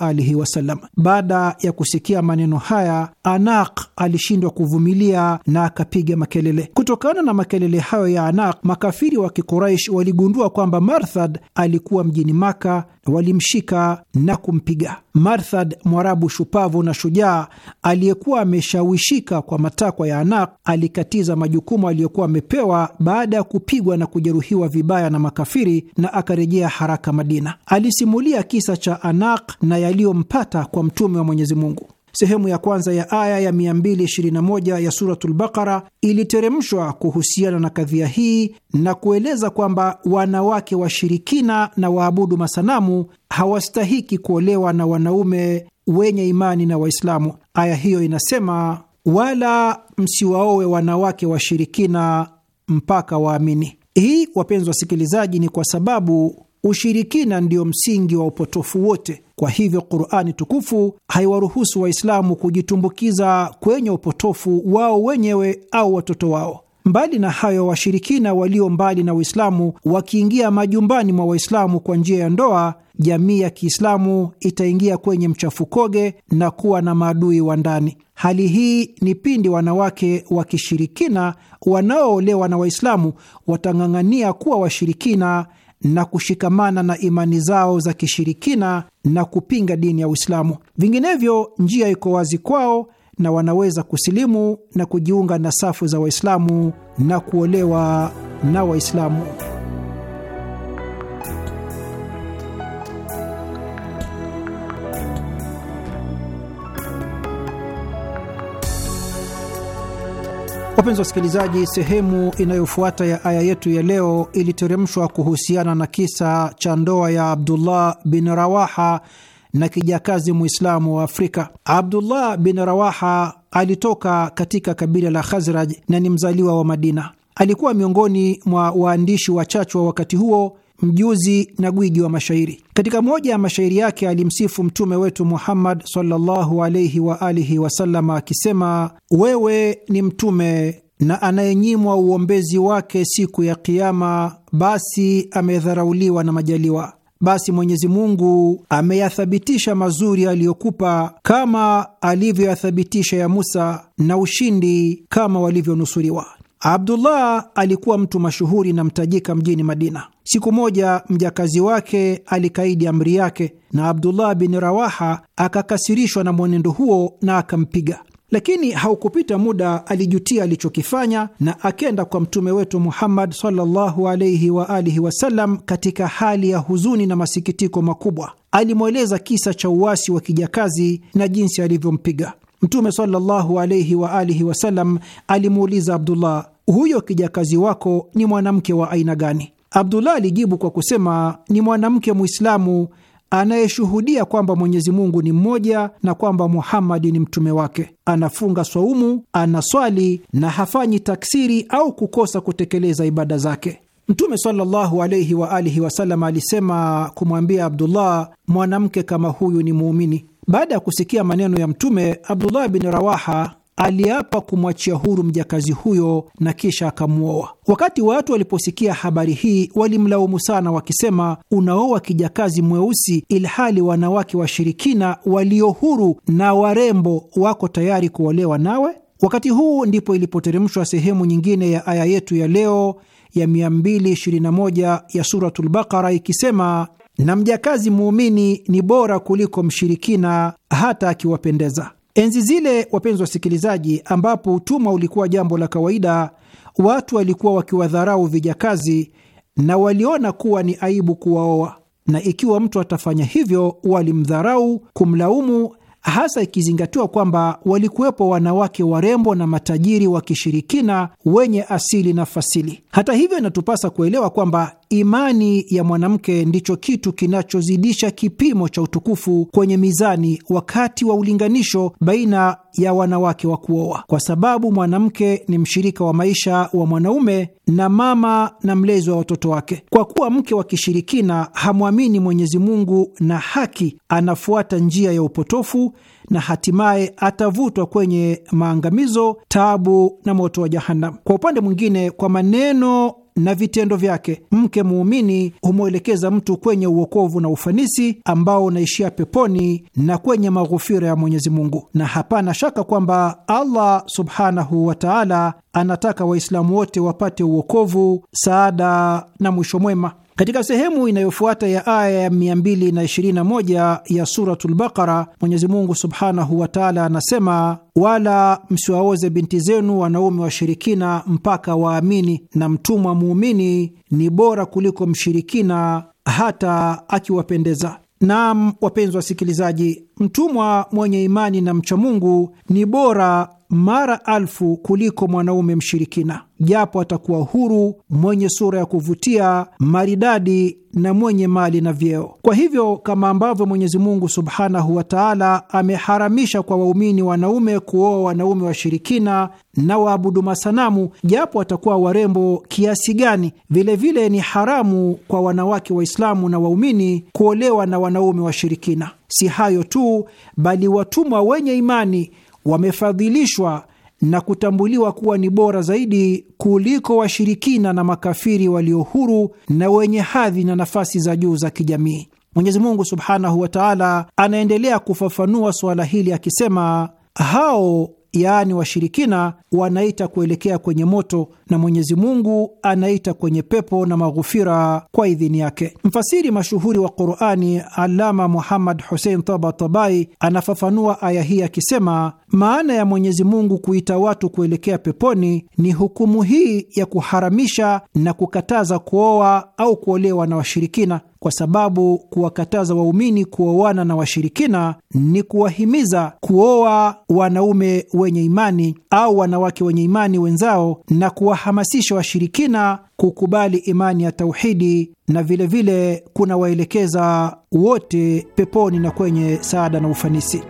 alihi wasallam. Baada ya kusikia maneno haya, anaq alishindwa kuvumilia na akapiga makelele. Kutokana na makelele hayo ya anaq makafiri wa Kikuraish waligundua kwamba Marthad alikuwa mjini Maka, walimshika na kumpiga. Marthad, Mwarabu shupavu na shujaa, aliyekuwa ameshawishika kwa matakwa ya Karnak alikatiza majukumu aliyokuwa amepewa baada ya kupigwa na kujeruhiwa vibaya na makafiri na akarejea haraka Madina. Alisimulia kisa cha Anak na yaliyompata kwa mtume wa Mwenyezi Mungu. Sehemu ya kwanza ya aya ya 221 ya Suratul Bakara iliteremshwa kuhusiana na kadhia hii na kueleza kwamba wanawake washirikina na waabudu masanamu hawastahiki kuolewa na wanaume wenye imani na Waislamu. Aya hiyo inasema: wala msiwaowe wanawake washirikina mpaka waamini. Hii wapenzi wasikilizaji, ni kwa sababu ushirikina ndio msingi wa upotofu wote. Kwa hivyo, Qurani tukufu haiwaruhusu Waislamu kujitumbukiza kwenye upotofu wao wenyewe au watoto wao. Mbali na hayo, washirikina walio mbali na Uislamu wakiingia majumbani mwa Waislamu kwa njia ya ndoa, jamii ya Kiislamu itaingia kwenye mchafukoge na kuwa na maadui wa ndani. Hali hii ni pindi wanawake wa kishirikina wanaoolewa na Waislamu watang'ang'ania kuwa washirikina na kushikamana na imani zao za kishirikina na kupinga dini ya Uislamu. Vinginevyo, njia iko wazi kwao na wanaweza kusilimu na kujiunga na safu za Waislamu na kuolewa na Waislamu. Wapenzi wa wasikilizaji, sehemu inayofuata ya aya yetu ya leo iliteremshwa kuhusiana na kisa cha ndoa ya Abdullah bin Rawaha na kijakazi Mwislamu wa Afrika. Abdullah bin Rawaha alitoka katika kabila la Khazraj na ni mzaliwa wa Madina. Alikuwa miongoni mwa waandishi wachache wa wakati huo, mjuzi na gwiji wa mashairi. Katika moja ya mashairi yake alimsifu Mtume wetu Muhammad sallallahu alaihi wa alihi akisema, wewe ni mtume na anayenyimwa uombezi wake siku ya Kiama basi amedharauliwa na majaliwa basi Mwenyezi Mungu ameyathabitisha mazuri aliyokupa kama alivyoyathabitisha ya Musa na ushindi kama walivyonusuriwa. Abdullah alikuwa mtu mashuhuri na mtajika mjini Madina. Siku moja mjakazi wake alikaidi amri yake, na Abdullah bin Rawaha akakasirishwa na mwenendo huo na akampiga lakini haukupita muda alijutia alichokifanya na akenda kwa mtume wetu Muhammad sallallahu alaihi wa alihi wasallam katika hali ya huzuni na masikitiko makubwa. Alimweleza kisa cha uasi wa kijakazi na jinsi alivyompiga Mtume sallallahu alaihi wa alihi wasallam alimuuliza Abdullah, huyo kijakazi wako ni mwanamke wa aina gani? Abdullah alijibu kwa kusema, ni mwanamke Mwislamu anayeshuhudia kwamba Mwenyezi Mungu ni mmoja na kwamba Muhammadi ni mtume wake. Anafunga swaumu, anaswali na hafanyi taksiri au kukosa kutekeleza ibada zake. Mtume sallallahu alayhi wa alihi wasallam alisema kumwambia Abdullah, mwanamke kama huyu ni muumini. Baada ya kusikia maneno ya Mtume, Abdullah bin Rawaha aliapa kumwachia huru mjakazi huyo na kisha akamwoa. Wakati watu waliposikia habari hii walimlaumu sana, wakisema, unaoa kijakazi mweusi ilhali wanawake washirikina walio huru na warembo wako tayari kuolewa nawe. Wakati huu ndipo ilipoteremshwa sehemu nyingine ya aya yetu ya leo ya 221 ya Suratul Bakara ikisema, na mjakazi muumini ni bora kuliko mshirikina hata akiwapendeza Enzi zile, wapenzi wasikilizaji, ambapo utumwa ulikuwa jambo la kawaida, watu walikuwa wakiwadharau vijakazi na waliona kuwa ni aibu kuwaoa, na ikiwa mtu atafanya hivyo, walimdharau, kumlaumu hasa ikizingatiwa kwamba walikuwepo wanawake warembo na matajiri wa kishirikina wenye asili na fasili. Hata hivyo, inatupasa kuelewa kwamba imani ya mwanamke ndicho kitu kinachozidisha kipimo cha utukufu kwenye mizani wakati wa ulinganisho baina ya wanawake wa kuoa, kwa sababu mwanamke ni mshirika wa maisha wa mwanaume na mama na mlezi wa watoto wake. Kwa kuwa mke wa kishirikina hamwamini Mwenyezi Mungu na haki, anafuata njia ya upotofu na hatimaye atavutwa kwenye maangamizo, taabu na moto wa jahanam Kwa upande mwingine, kwa maneno na vitendo vyake mke muumini humwelekeza mtu kwenye uokovu na ufanisi ambao unaishia peponi na kwenye maghufira ya Mwenyezi Mungu, na hapana shaka kwamba Allah subhanahu wa taala anataka Waislamu wote wapate uokovu, saada na mwisho mwema. Katika sehemu inayofuata ya aya ya 221 ya Suratul Baqara, Mwenyezi Mungu subhanahu wa taala anasema, wala msiwaoze binti zenu wanaume washirikina mpaka waamini, na mtumwa muumini ni bora kuliko mshirikina hata akiwapendeza. Naam, wapenzi wasikilizaji Mtumwa mwenye imani na mcha Mungu ni bora mara alfu kuliko mwanaume mshirikina, japo atakuwa huru, mwenye sura ya kuvutia, maridadi na mwenye mali na vyeo. Kwa hivyo, kama ambavyo Mwenyezi Mungu subhanahu wa taala ameharamisha kwa waumini wanaume kuoa wanaume washirikina na waabudu masanamu, japo atakuwa warembo kiasi gani, vilevile ni haramu kwa wanawake Waislamu na waumini kuolewa na wanaume washirikina. Si hayo tu, bali watumwa wenye imani wamefadhilishwa na kutambuliwa kuwa ni bora zaidi kuliko washirikina na makafiri walio huru na wenye hadhi na nafasi za juu za kijamii. Mwenyezi Mungu subhanahu wa taala anaendelea kufafanua suala hili akisema, hao yaani washirikina wanaita kuelekea kwenye moto na Mwenyezi Mungu anaita kwenye pepo na maghufira kwa idhini yake. Mfasiri mashuhuri wa Qurani Alama Muhammad Husein Tabatabai anafafanua aya hii akisema, maana ya Mwenyezi Mungu kuita watu kuelekea peponi ni hukumu hii ya kuharamisha na kukataza kuoa au kuolewa na washirikina kwa sababu kuwakataza waumini kuoana na washirikina ni kuwahimiza kuoa wanaume wenye imani au wanawake wenye imani wenzao na kuwa kuwahamasisha washirikina kukubali imani ya tauhidi na vilevile kunawaelekeza wote peponi na kwenye saada na ufanisi.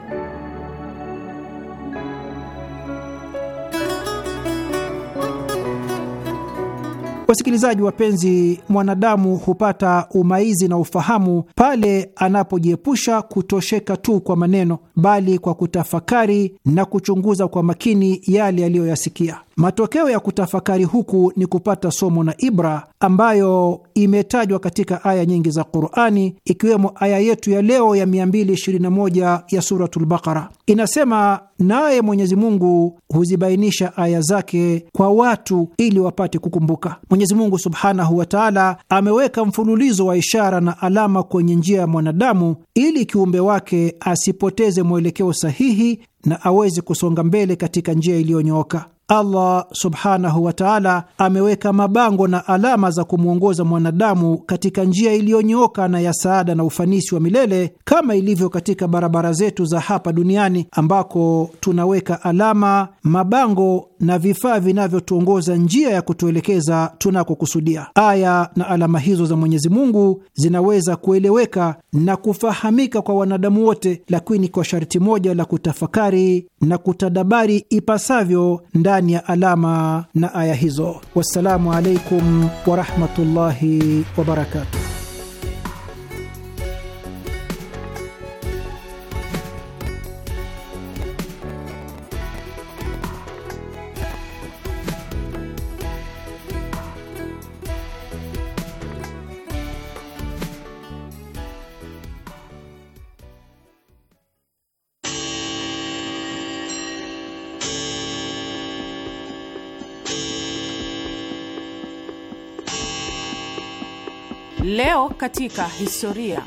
Wasikilizaji wapenzi, mwanadamu hupata umaizi na ufahamu pale anapojiepusha kutosheka tu kwa maneno, bali kwa kutafakari na kuchunguza kwa makini yale aliyoyasikia. Matokeo ya kutafakari huku ni kupata somo na ibra ambayo imetajwa katika aya nyingi za Qurani, ikiwemo aya yetu ya leo ya 221 ya Suratul Baqara. Inasema, naye Mwenyezi Mungu huzibainisha aya zake kwa watu ili wapate kukumbuka. Mwenyezi Mungu subhanahu wa taala ameweka mfululizo wa ishara na alama kwenye njia ya mwanadamu ili kiumbe wake asipoteze mwelekeo sahihi na aweze kusonga mbele katika njia iliyonyooka. Allah subhanahu wa taala ameweka mabango na alama za kumwongoza mwanadamu katika njia iliyonyooka na ya saada na ufanisi wa milele, kama ilivyo katika barabara zetu za hapa duniani ambako tunaweka alama, mabango na vifaa vinavyotuongoza njia ya kutuelekeza tunakokusudia. Aya na alama hizo za Mwenyezi Mungu zinaweza kueleweka na kufahamika kwa wanadamu wote, lakini kwa sharti moja la kutafakari na kutadabari ipasavyo ndani ya alama na aya hizo. Wassalamu alaikum warahmatullahi wabarakatuh.
Leo katika historia.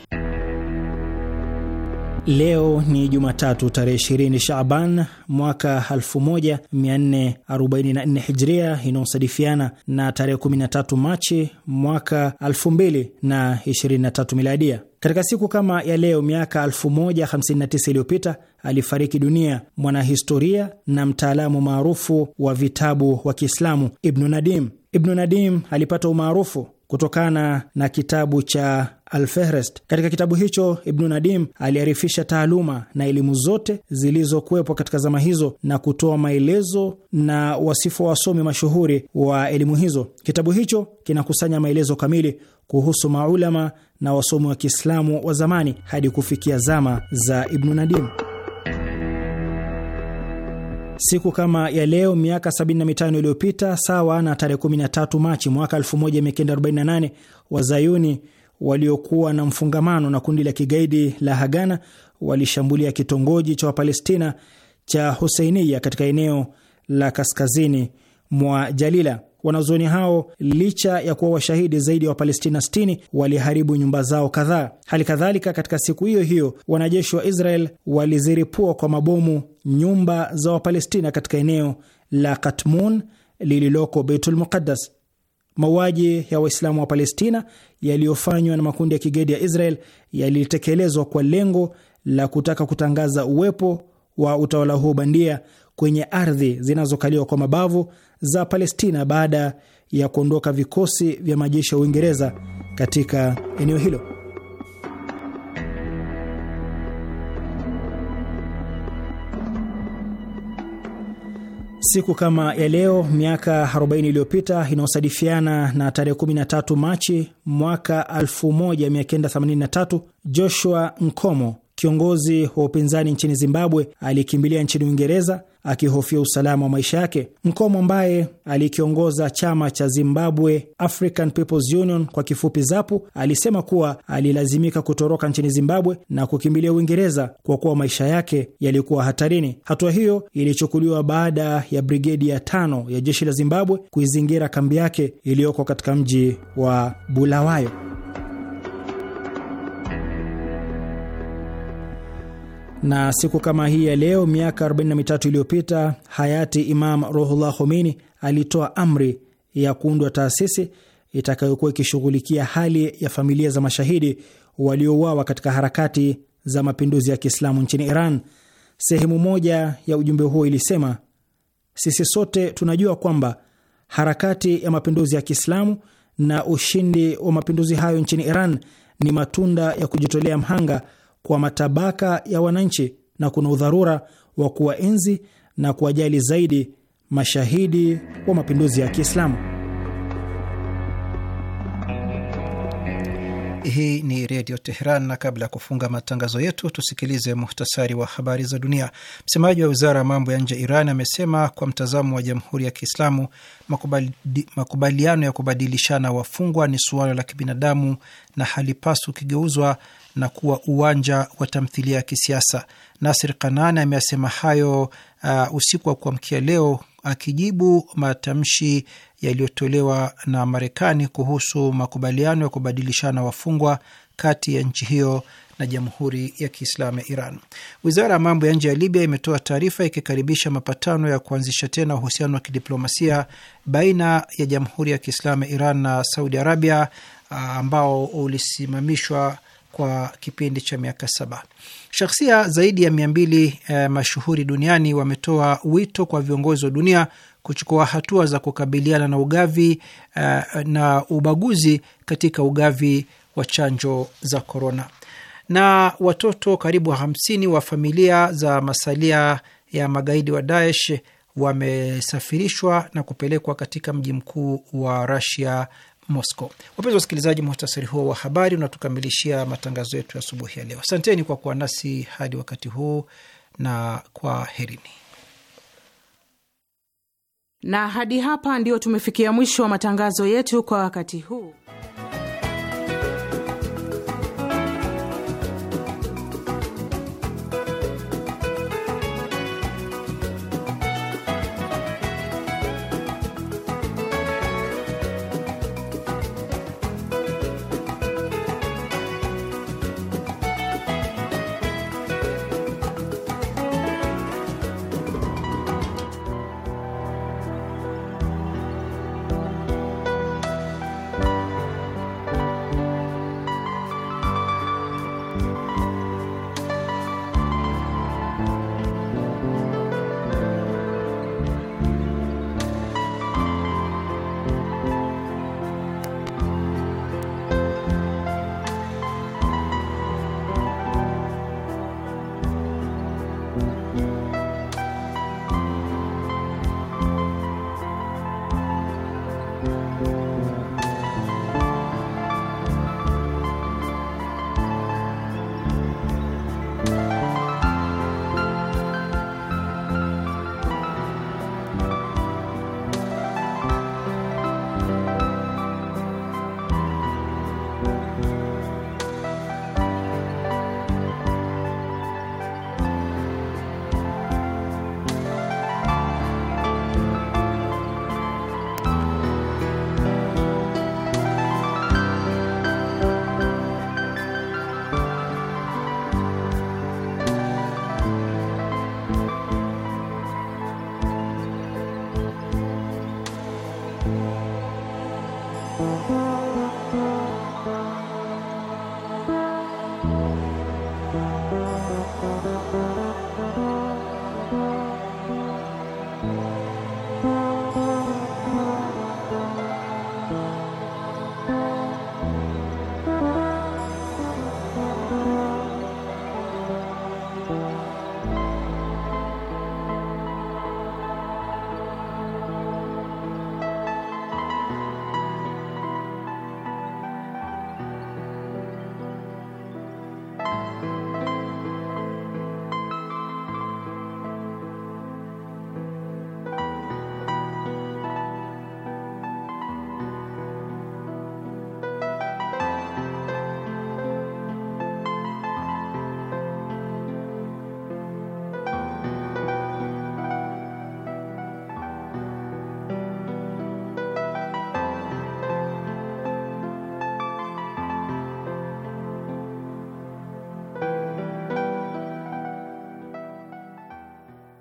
Leo ni Jumatatu tarehe 20 Shaban mwaka 1444 Hijria, inayosadifiana na tarehe 13 Machi mwaka 2023 Miladia. Katika siku kama ya leo miaka 1059 iliyopita alifariki dunia mwanahistoria na mtaalamu maarufu wa vitabu wa Kiislamu Ibnu Nadim. Ibnu Nadim alipata umaarufu kutokana na kitabu cha Alfehrest. Katika kitabu hicho, Ibnu Nadim aliarifisha taaluma na elimu zote zilizokuwepo katika zama hizo na kutoa maelezo na wasifu wa wasomi mashuhuri wa elimu hizo. Kitabu hicho kinakusanya maelezo kamili kuhusu maulama na wasomi wa Kiislamu wa zamani hadi kufikia zama za Ibnu Nadim. Siku kama ya leo miaka 75 iliyopita, sawa na tarehe 13 Machi mwaka 1948, wazayuni waliokuwa na mfungamano na kundi la kigaidi la Hagana walishambulia kitongoji cha Wapalestina cha huseinia katika eneo la kaskazini mwa Jalila. Wanazuoni hao licha ya kuwa washahidi zaidi ya wa Wapalestina 60 waliharibu nyumba zao kadhaa. Hali kadhalika, katika siku hiyo hiyo wanajeshi wa Israel waliziripua kwa mabomu nyumba za Wapalestina katika eneo la Katmun lililoko Beitul Muqaddas. Mauaji ya Waislamu wa Palestina yaliyofanywa na makundi ya kigedi ya Israel yalitekelezwa kwa lengo la kutaka kutangaza uwepo wa utawala huo bandia kwenye ardhi zinazokaliwa kwa mabavu za Palestina baada ya kuondoka vikosi vya majeshi ya Uingereza katika eneo hilo. Siku kama ya leo miaka 40 iliyopita inayosadifiana na tarehe 13 Machi mwaka 1983, Joshua Nkomo, kiongozi wa upinzani nchini Zimbabwe, alikimbilia nchini Uingereza akihofia usalama wa maisha yake. Mkomo ambaye alikiongoza chama cha Zimbabwe African People's Union kwa kifupi ZAPU alisema kuwa alilazimika kutoroka nchini Zimbabwe na kukimbilia Uingereza kwa kuwa maisha yake yalikuwa hatarini. Hatua hiyo ilichukuliwa baada ya brigedi ya tano ya jeshi la Zimbabwe kuizingira kambi yake iliyoko katika mji wa Bulawayo. na siku kama hii ya leo miaka 43 iliyopita hayati Imam Ruhullah Khomeini alitoa amri ya kuundwa taasisi itakayokuwa ikishughulikia hali ya familia za mashahidi waliouawa katika harakati za mapinduzi ya Kiislamu nchini Iran. Sehemu moja ya ujumbe huo ilisema, sisi sote tunajua kwamba harakati ya mapinduzi ya Kiislamu na ushindi wa mapinduzi hayo nchini Iran ni matunda ya kujitolea mhanga kwa matabaka ya wananchi na kuna udharura wa kuwaenzi na kuwajali zaidi mashahidi wa mapinduzi ya Kiislamu.
Hii ni Redio Teheran, na kabla ya kufunga matangazo yetu tusikilize muhtasari wa habari za dunia. Msemaji wa wizara ya mambo ya nje Iran amesema kwa mtazamo wa Jamhuri ya Kiislamu, makubaliano ya kubadilishana wafungwa ni suala la kibinadamu na halipaswi kugeuzwa na kuwa uwanja wa tamthilia ya kisiasa. Nasir Kanani ameyasema hayo uh, usiku wa kuamkia leo akijibu matamshi yaliyotolewa na Marekani kuhusu makubaliano ya kubadilishana wafungwa kati ya nchi hiyo na Jamhuri ya Kiislamu ya Iran. Wizara ya mambo ya nje ya Libya imetoa taarifa ikikaribisha mapatano ya kuanzisha tena uhusiano wa kidiplomasia baina ya Jamhuri ya Kiislamu ya Iran na Saudi Arabia uh, ambao ulisimamishwa kwa kipindi cha miaka saba. Shakhsia zaidi ya mia mbili eh, mashuhuri duniani wametoa wito kwa viongozi wa dunia kuchukua hatua za kukabiliana na ugavi eh, na ubaguzi katika ugavi wa chanjo za korona. Na watoto karibu hamsini wa familia za masalia ya magaidi wa Daesh wamesafirishwa na kupelekwa katika mji mkuu wa Rasia Moscow. Wapenzi wasikilizaji, muhtasari huo wa habari unatukamilishia matangazo yetu ya asubuhi ya leo. Asanteni kwa kuwa nasi hadi wakati huu na kwa herini.
Na hadi hapa ndio tumefikia mwisho wa matangazo yetu kwa wakati huu.